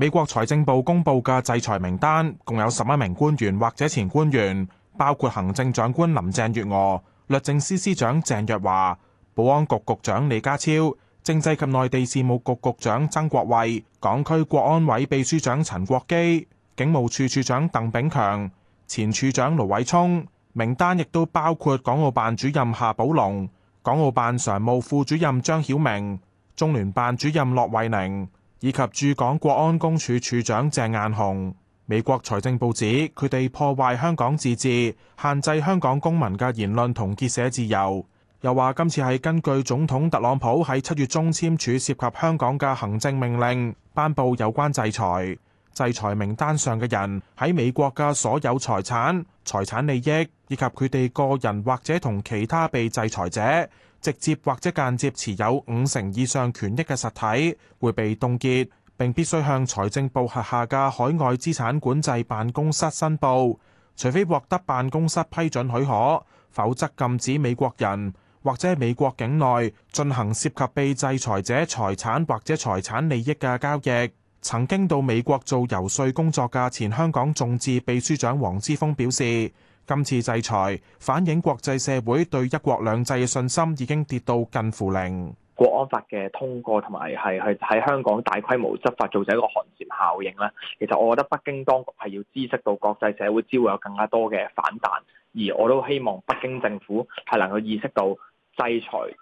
美國財政部公布嘅制裁名單共有十一名官員或者前官員，包括行政長官林鄭月娥、律政司司長鄭若驊、保安局局長李家超、政制及內地事務局局長曾國衛、港區國安委秘書長陳國基、警務處處長鄧炳強、前處長盧偉聰。名單亦都包括港澳辦主任夏寶龍、港澳辦常務副主任張曉明、中聯辦主任駱惠寧。以及駐港國安公署署長鄭雁雄，美國財政部指佢哋破壞香港自治，限制香港公民嘅言論同結社自由，又話今次係根據總統特朗普喺七月中簽署涉及香港嘅行政命令，頒布有關制裁，制裁名單上嘅人喺美國嘅所有財產、財產利益以及佢哋個人或者同其他被制裁者。直接或者間接持有五成以上權益嘅實體會被凍結，並必須向財政部轄下嘅海外資產管制辦公室申報，除非獲得辦公室批准許可，否則禁止美國人或者美國境內進行涉及被制裁者財產或者財產利益嘅交易。曾經到美國做遊說工作嘅前香港眾志秘書長黃之鋒表示。今次制裁反映國際社會對一國兩制嘅信心已經跌到近乎零。國安法嘅通過同埋係去喺香港大規模執法，造成一個寒蟬效應啦。其實我覺得北京當局係要意識到國際社會只會有更加多嘅反彈，而我都希望北京政府係能夠意識到制裁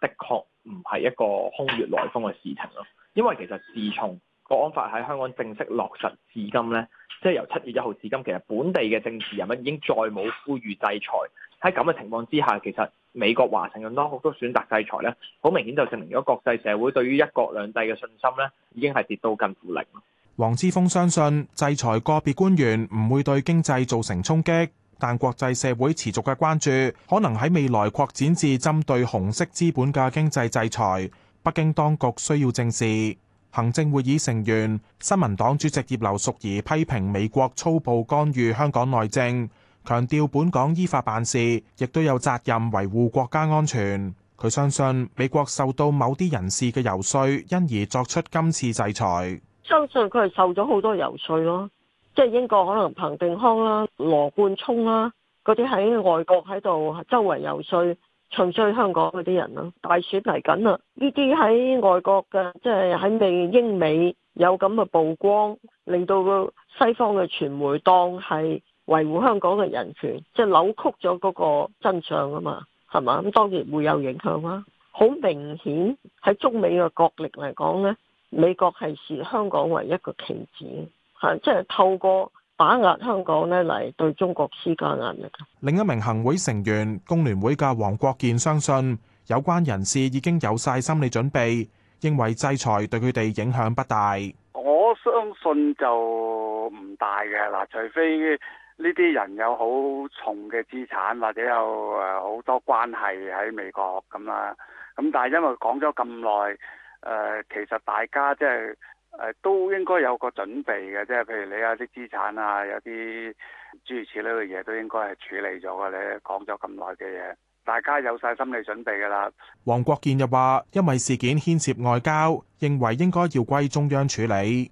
的確唔係一個空穴來風嘅事情咯。因為其實自從國安法喺香港正式落實至今咧。即係由七月一號至今，其實本地嘅政治人物已經再冇呼籲制裁。喺咁嘅情況之下，其實美國華盛頓當局都選擇制裁咧，好明顯就證明咗國際社會對於一國兩制嘅信心咧，已經係跌到近乎零。黃之鋒相信，制裁個別官員唔會對經濟造成衝擊，但國際社會持續嘅關注，可能喺未來擴展至針對紅色資本嘅經濟制裁，北京當局需要正視。行政會議成員、新民黨主席葉劉淑儀批評美國粗暴干預香港內政，強調本港依法辦事，亦都有責任維護國家安全。佢相信美國受到某啲人士嘅游説，因而作出今次制裁。相信佢係受咗好多游説咯，即係英國可能彭定康啦、羅冠聰啦嗰啲喺外國喺度周圍游説。除咗香港嗰啲人咯，大選嚟緊啦，呢啲喺外國嘅，即係喺未英美有咁嘅曝光，令到西方嘅傳媒當係維護香港嘅人權，即係扭曲咗嗰個真相啊嘛，係嘛，咁當然會有影響啦。好明顯喺中美嘅角力嚟講呢，美國係視香港為一個棋子，吓，即係透過。打壓香港咧嚟對中國施加壓力。另一名行會成員工聯會嘅黃國健相信有關人士已經有晒心理準備，認為制裁對佢哋影響不大。我相信就唔大嘅嗱，除非呢啲人有好重嘅資產或者有誒好多關係喺美國咁啦。咁但係因為講咗咁耐，誒、呃，其實大家即係。誒都應該有個準備嘅，即係譬如你有啲資產啊，有啲諸如此類嘅嘢，都應該係處理咗嘅。你講咗咁耐嘅嘢，大家有晒心理準備㗎啦。黃國健又話，因為事件牽涉外交，認為應該要歸中央處理。